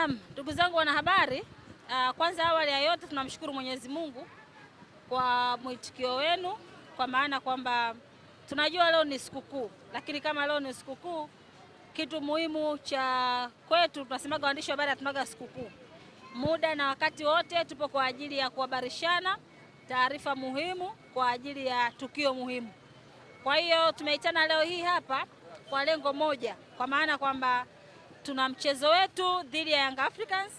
Naam, ndugu zangu wanahabari, ah, kwanza awali ya yote tunamshukuru Mwenyezi Mungu kwa mwitikio wenu, kwa maana kwamba tunajua leo ni sikukuu, lakini kama leo ni sikukuu, kitu muhimu cha kwetu, tunasemaga waandishi wa habari hatunaga sikukuu, muda na wakati wote tupo kwa ajili ya kuhabarishana taarifa muhimu kwa ajili ya tukio muhimu. Kwa hiyo tumeitana leo hii hapa kwa lengo moja, kwa maana kwamba tuna mchezo wetu dhidi ya Young Africans,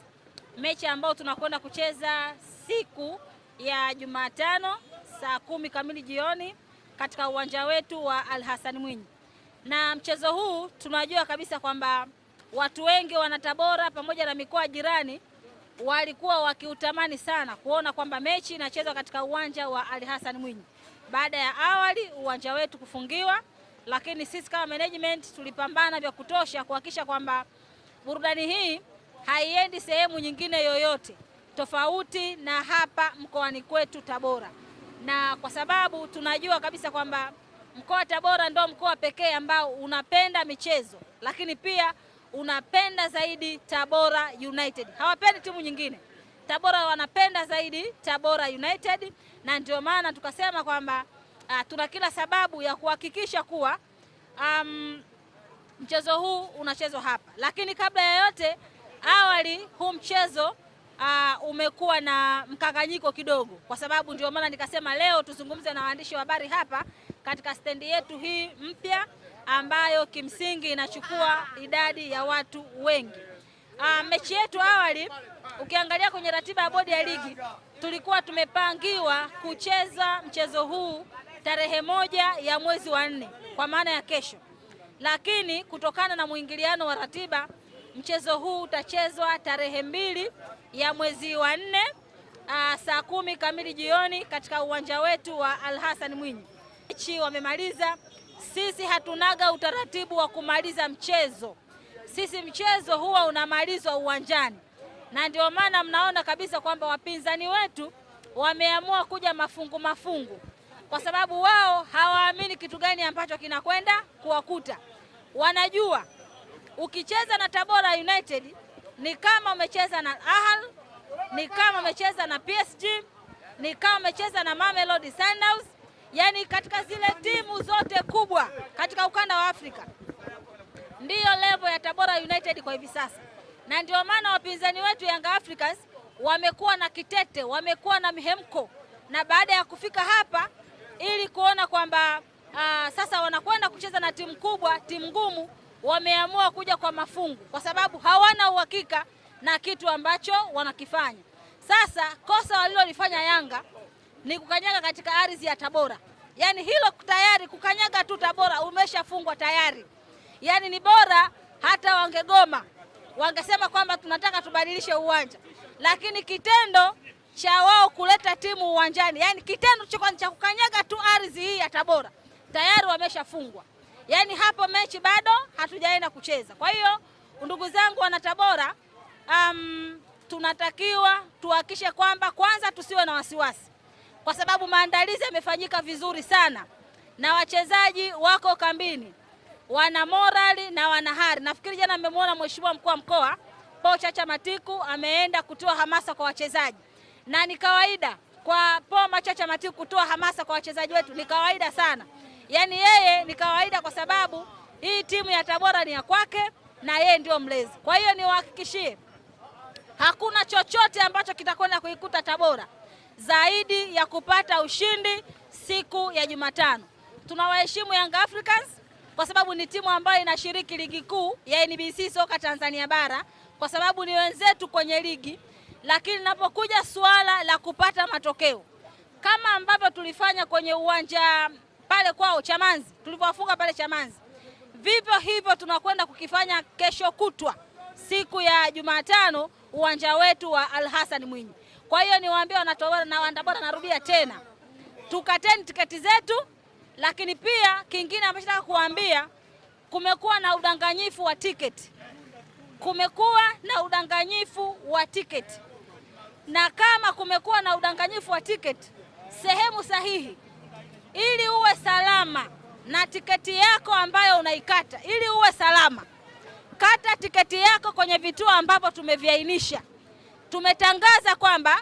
mechi ambayo tunakwenda kucheza siku ya Jumatano saa kumi kamili jioni katika uwanja wetu wa Al Hassan Mwinyi. Na mchezo huu tunajua kabisa kwamba watu wengi wana Tabora pamoja na mikoa jirani walikuwa wakiutamani sana kuona kwamba mechi inachezwa katika uwanja wa Al Hassan Mwinyi baada ya awali uwanja wetu kufungiwa lakini sisi kama management tulipambana vya kutosha kuhakikisha kwamba burudani hii haiendi sehemu nyingine yoyote tofauti na hapa mkoani kwetu Tabora, na kwa sababu tunajua kabisa kwamba mkoa wa Tabora ndio mkoa pekee ambao unapenda michezo, lakini pia unapenda zaidi Tabora United. Hawapendi timu nyingine, Tabora wanapenda zaidi Tabora United, na ndio maana tukasema kwamba uh, tuna kila sababu ya kuhakikisha kuwa um, mchezo huu unachezwa hapa, lakini kabla ya yote, awali huu mchezo uh, umekuwa na mkanganyiko kidogo, kwa sababu ndio maana nikasema leo tuzungumze na waandishi wa habari hapa katika stendi yetu hii mpya ambayo kimsingi inachukua idadi ya watu wengi. Uh, mechi yetu awali, ukiangalia kwenye ratiba ya bodi ya ligi, tulikuwa tumepangiwa kucheza mchezo huu tarehe moja ya mwezi wa nne kwa maana ya kesho, lakini kutokana na mwingiliano wa ratiba mchezo huu utachezwa tarehe mbili ya mwezi wa nne ah, saa kumi kamili jioni katika uwanja wetu wa Al Hassan Mwinyi. Mechi wamemaliza, sisi hatunaga utaratibu wa kumaliza mchezo. Sisi mchezo huwa unamalizwa uwanjani, na ndio maana mnaona kabisa kwamba wapinzani wetu wameamua kuja mafungu mafungu kwa sababu wao hawaamini kitu gani ambacho kinakwenda kuwakuta. Wanajua ukicheza na Tabora United ni kama umecheza na Ahal, ni kama umecheza na PSG, ni kama umecheza na Mamelodi Sundowns, yaani katika zile timu zote kubwa katika ukanda wa Afrika ndiyo level ya Tabora United kwa hivi sasa, na ndio maana wapinzani wetu Yanga Africans wamekuwa na kitete, wamekuwa na mihemko, na baada ya kufika hapa ili kuona kwamba uh, sasa wanakwenda kucheza na timu kubwa, timu ngumu. Wameamua kuja kwa mafungu kwa sababu hawana uhakika na kitu ambacho wanakifanya. Sasa kosa walilolifanya Yanga ni kukanyaga katika ardhi ya Tabora, yaani hilo tayari, kukanyaga tu Tabora umeshafungwa tayari. Yaani ni bora hata wangegoma, wangesema kwamba tunataka tubadilishe uwanja, lakini kitendo cha wao kuleta timu uwanjani, yaani kitendo cha cha kukanyaga tu ardhi hii ya Tabora tayari wameshafungwa, yaani hapo mechi bado hatujaenda kucheza. Kwa hiyo ndugu zangu wana Tabora, um, tunatakiwa tuhakishe kwamba kwanza tusiwe na wasiwasi, kwa sababu maandalizi yamefanyika vizuri sana na wachezaji wako kambini, wana morali na wana hari. Nafikiri jana mmemwona mheshimiwa mkuu wa mkoa Paul Chacha Matiku ameenda kutoa hamasa kwa wachezaji na ni kawaida kwa Paul Machacha Matiu kutoa hamasa kwa wachezaji wetu, ni kawaida sana. Yaani yeye ni kawaida kwa sababu hii timu ya Tabora ni ya kwake na yeye ndio mlezi. Kwa hiyo niwahakikishie hakuna chochote ambacho kitakwenda kuikuta Tabora zaidi ya kupata ushindi siku ya Jumatano. Tunawaheshimu Young Africans kwa sababu ni timu ambayo inashiriki ligi kuu ya NBC soka Tanzania bara, kwa sababu ni wenzetu kwenye ligi lakini linapokuja suala la kupata matokeo kama ambavyo tulifanya kwenye uwanja pale kwao Chamanzi, tulipowafunga pale Chamanzi, vivyo hivyo tunakwenda kukifanya kesho kutwa siku ya Jumatano uwanja wetu wa Al Hassan Mwinyi. Kwa hiyo niwaambie wanatoa na wandabora, narudia tena, tukateni tiketi zetu. Lakini pia kingine ambacho nataka kuambia, kumekuwa na udanganyifu wa tiketi, kumekuwa na udanganyifu wa tiketi na kama kumekuwa na udanganyifu wa tiketi sehemu sahihi, ili uwe salama na tiketi yako ambayo unaikata, ili uwe salama, kata tiketi yako kwenye vituo ambapo tumeviainisha. Tumetangaza kwamba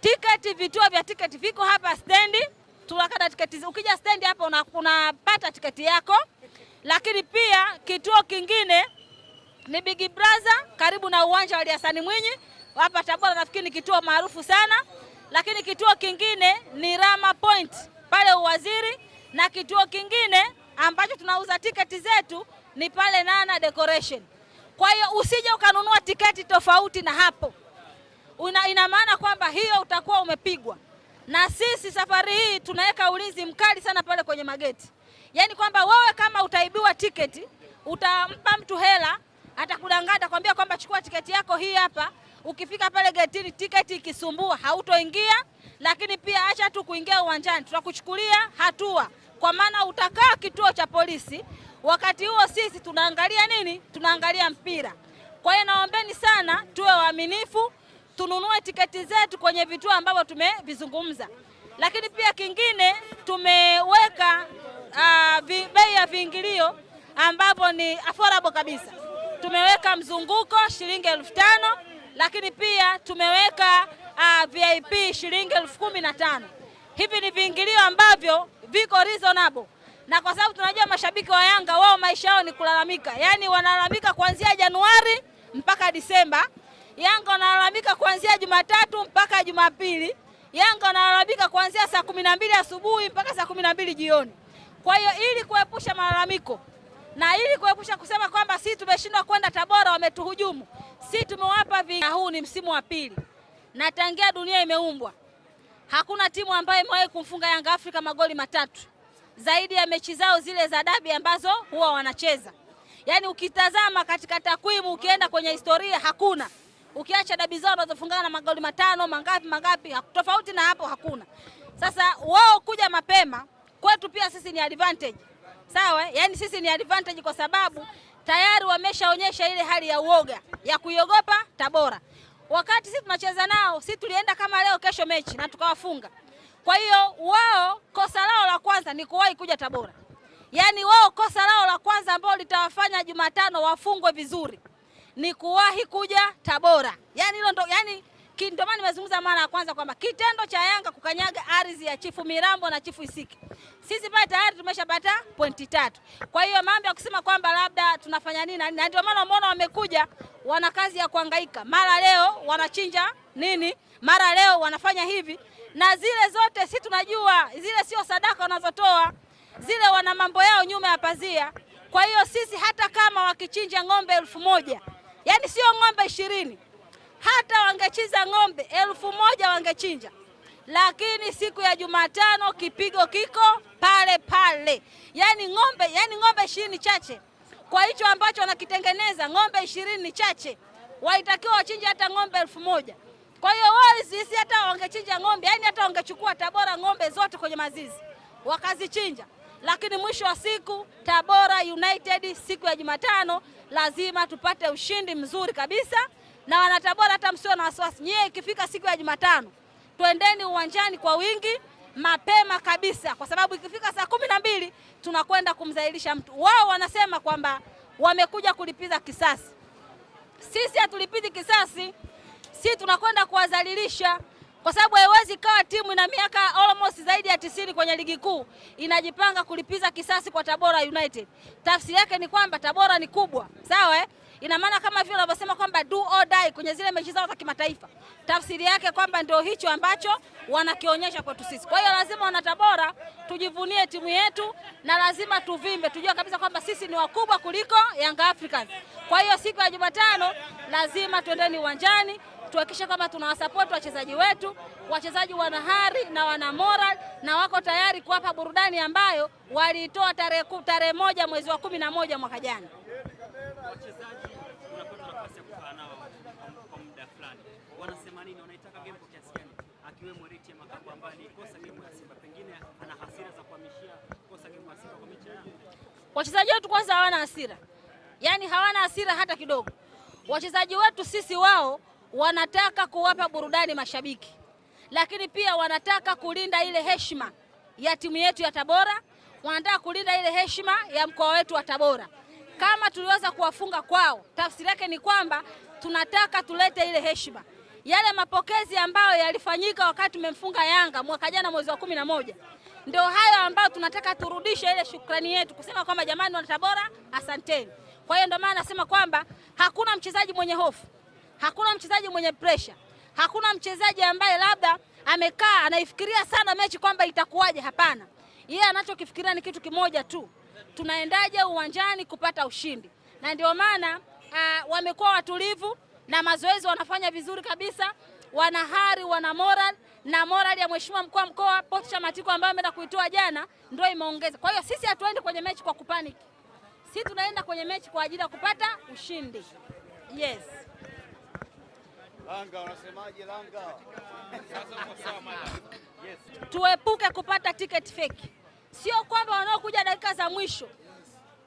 tiketi, vituo vya tiketi viko hapa stendi, tunakata tiketi. Ukija stendi hapo unapata tiketi yako, lakini pia kituo kingine ni Big Brother karibu na uwanja wa Hassan Mwinyi hapa Tabora, nafikiri ni kituo maarufu sana, lakini kituo kingine ni Rama Point pale Uwaziri, na kituo kingine ambacho tunauza tiketi zetu ni pale Nana Decoration. Kwa hiyo usije ukanunua tiketi tofauti na hapo una, ina maana kwamba hiyo utakuwa umepigwa. Na sisi safari hii tunaweka ulinzi mkali sana pale kwenye mageti, yaani kwamba wewe kama utaibiwa tiketi utampa mtu hela, atakudanganya atakwambia kwamba chukua tiketi yako hii hapa Ukifika pale getini, tiketi ikisumbua hautoingia, lakini pia acha tu kuingia uwanjani, tutakuchukulia hatua, kwa maana utakaa kituo cha polisi. Wakati huo sisi tunaangalia nini? Tunaangalia mpira. Kwa hiyo naombeni sana tuwe waaminifu, tununue tiketi zetu kwenye vituo ambavyo tumevizungumza, lakini pia kingine tumeweka ah, bei ya viingilio ambapo ni affordable kabisa. Tumeweka mzunguko shilingi elfu tano lakini pia tumeweka uh, ah, VIP shilingi elfu kumi na tano. Hivi ni viingilio ambavyo viko reasonable na kwa sababu tunajua mashabiki wa Yanga wao maisha yao ni kulalamika, yaani wanalalamika kuanzia Januari mpaka Disemba. Yanga wanalalamika kuanzia Jumatatu mpaka Jumapili. Yanga wanalalamika kuanzia saa kumi na mbili asubuhi mpaka saa kumi na mbili jioni. Kwa hiyo ili kuepusha malalamiko na ili kuepusha kusema kwamba sisi tumeshindwa kwenda Tabora, wametuhujumu, Si tumewapa vinga. huu ni msimu wa pili na tangia dunia imeumbwa hakuna timu ambayo imewahi kumfunga Yanga Afrika magoli matatu zaidi ya mechi zao zile za dabi ambazo huwa wanacheza. Yaani ukitazama katika takwimu, ukienda kwenye historia hakuna, ukiacha dabi zao wanazofungana na magoli matano mangapi mangapi, tofauti na hapo hakuna. Sasa wao kuja mapema kwetu pia sisi ni advantage, sawa? Yaani sisi ni advantage kwa sababu tayari wameshaonyesha ile hali ya uoga ya kuiogopa Tabora. Wakati sisi tunacheza nao, sisi tulienda kama leo kesho mechi na tukawafunga. Kwa hiyo wao kosa lao la kwanza ni kuwahi kuja Tabora, yaani wao kosa lao la kwanza ambao litawafanya Jumatano wafungwe vizuri ni kuwahi kuja Tabora, yaani hilo ndo yani ndio maana nimezungumza mara ya kwanza kwamba kitendo cha Yanga kukanyaga ardhi ya Chifu Mirambo na Chifu Isiki, sisi pale tayari tumeshapata pointi tatu. Kwa hiyo mambo ya kusema kwamba labda tunafanya nini, na ndio maana umeona wamekuja, wana kazi ya kuhangaika, mara leo wanachinja nini, mara leo wanafanya hivi, na zile zote si tunajua zile sio sadaka wanazotoa zile, wana mambo yao nyuma ya pazia. Kwa hiyo sisi hata kama wakichinja ng'ombe elfu moja yani sio ng'ombe ishirini hata wangechinja ng'ombe elfu moja wangechinja, lakini siku ya Jumatano kipigo kiko pale pale. Yani ng'ombe yani ng'ombe ishirini chache kwa hicho ambacho wanakitengeneza, ng'ombe ishirini ni chache, waitakiwa wachinje hata ng'ombe elfu moja. Kwa hiyo wao sisi hata wangechinja ng'ombe yani hata wangechukua Tabora ng'ombe zote kwenye mazizi wakazichinja, lakini mwisho wa siku Tabora United siku ya Jumatano lazima tupate ushindi mzuri kabisa na wanatabora, hata msio na wasiwasi nyie, ikifika siku ya Jumatano twendeni uwanjani kwa wingi mapema kabisa, kwa sababu ikifika saa kumi na mbili tunakwenda kumzailisha mtu. Wao wanasema kwamba wamekuja kulipiza kisasi. Sisi hatulipizi kisasi, si tunakwenda kuwazalilisha kwa sababu haiwezi kawa timu ina miaka almost zaidi ya tisini kwenye ligi kuu inajipanga kulipiza kisasi kwa Tabora United. Tafsiri yake ni kwamba Tabora ni kubwa, sawa eh? Ina maana kama vile wanavyosema kwamba do or die kwenye zile mechi zao za kimataifa, tafsiri yake kwamba ndio hicho ambacho wanakionyesha kwetu sisi. Kwa hiyo lazima wana Tabora tujivunie timu yetu na lazima tuvimbe, tujue kabisa kwamba sisi ni wakubwa kuliko Young Africans. Kwa hiyo siku ya Jumatano lazima tuendeni uwanjani tuhakikishe kwamba tunawasapoti wachezaji wetu. Wachezaji wana hari na wana moral na wako tayari kuwapa burudani ambayo waliitoa tarehe tarehe moja mwezi wa kumi na moja mwaka jana nafasi ya kukaa nao kwa muda fulani. Wanasema nini? Wanaitaka game kwa kiasi gani? Akiwemo ambaye alikosa game ya Simba, pengine ana hasira za kuhamishia kosa game ya Simba kwa mechi yao. Wachezaji wetu kwanza hawana hasira, yaani hawana hasira hata kidogo. Wachezaji wetu sisi, wao wanataka kuwapa burudani mashabiki, lakini pia wanataka kulinda ile heshima ya timu yetu ya Tabora, wanataka kulinda ile heshima ya mkoa wetu wa Tabora. Kama tuliweza kuwafunga kwao, tafsiri yake ni kwamba tunataka tulete ile heshima, yale mapokezi ambayo yalifanyika wakati tumemfunga Yanga mwaka jana mwezi wa kumi na moja ndio hayo ambayo tunataka turudishe ile shukrani yetu, kusema kwamba jamani, wana Tabora asanteni. Kwa hiyo ndio maana nasema kwamba hakuna mchezaji mwenye hofu, hakuna mchezaji mwenye presha, hakuna mchezaji ambaye labda amekaa anaifikiria sana mechi kwamba itakuwaje. Hapana, yeye anachokifikiria ni kitu kimoja tu tunaendaje uwanjani kupata ushindi, na ndio maana uh, wamekuwa watulivu na mazoezi wanafanya vizuri kabisa, wana hari, wana moral na moral ya mheshimiwa mkuu wa mkoa Poti Matiko ambayo ameenda kuitoa jana ndio imeongeza. Kwa hiyo sisi hatuendi kwenye mechi kwa kupanic, sisi tunaenda kwenye mechi kwa ajili ya kupata ushindi. Yes. Langa, unasemaje Langa? Tuepuke kupata ticket fake sio kwamba wanaokuja dakika za mwisho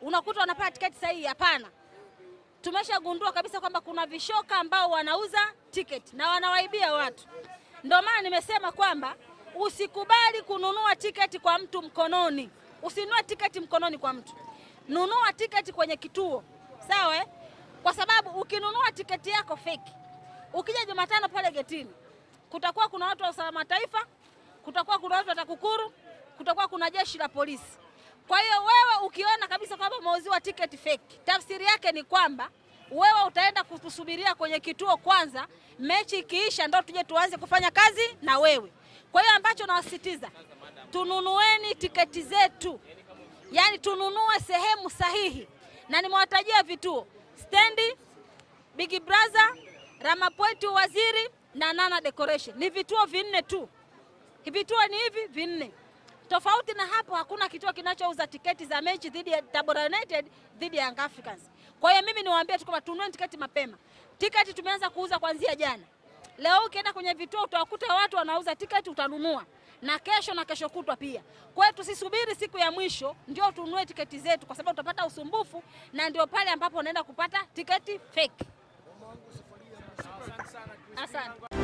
unakuta wanapata tiketi sahihi. Hapana, tumeshagundua kabisa kwamba kuna vishoka ambao wanauza tiketi na wanawaibia watu. Ndio maana nimesema kwamba usikubali kununua tiketi kwa mtu mkononi, usinunue tiketi mkononi kwa mtu, nunua tiketi kwenye kituo, sawa eh? Kwa sababu ukinunua tiketi yako feki, ukija Jumatano pale getini kutakuwa kuna watu wa usalama taifa, kutakuwa kuna watu watakukuru, TAKUKURU kutakuwa kuna jeshi la polisi. Kwa hiyo wewe ukiona kabisa kwamba umeuziwa tiketi fake, tafsiri yake ni kwamba wewe utaenda kutusubiria kwenye kituo kwanza, mechi ikiisha ndo tuje tuanze kufanya kazi na wewe. Kwa hiyo ambacho nawasisitiza, tununueni tiketi zetu, yaani tununue sehemu sahihi, na nimewatajia vituo stendi, Big Brother, Ramapoint Waziri na Nana Decoration. Ni vituo vinne tu, vituo ni hivi vinne. Tofauti na hapo, hakuna kituo kinachouza tiketi za mechi dhidi ya Tabora United dhidi ya Young Africans. Kwa hiyo mimi niwaambie tu kwamba tununue tiketi mapema. Tiketi tumeanza kuuza kuanzia jana. Leo ukienda kwenye vituo utawakuta watu wanauza tiketi, utanunua na kesho na kesho kutwa pia. Kwa hiyo tusisubiri siku ya mwisho ndio tununue tiketi zetu, kwa sababu utapata usumbufu, na ndio pale ambapo unaenda kupata tiketi fake. Asante.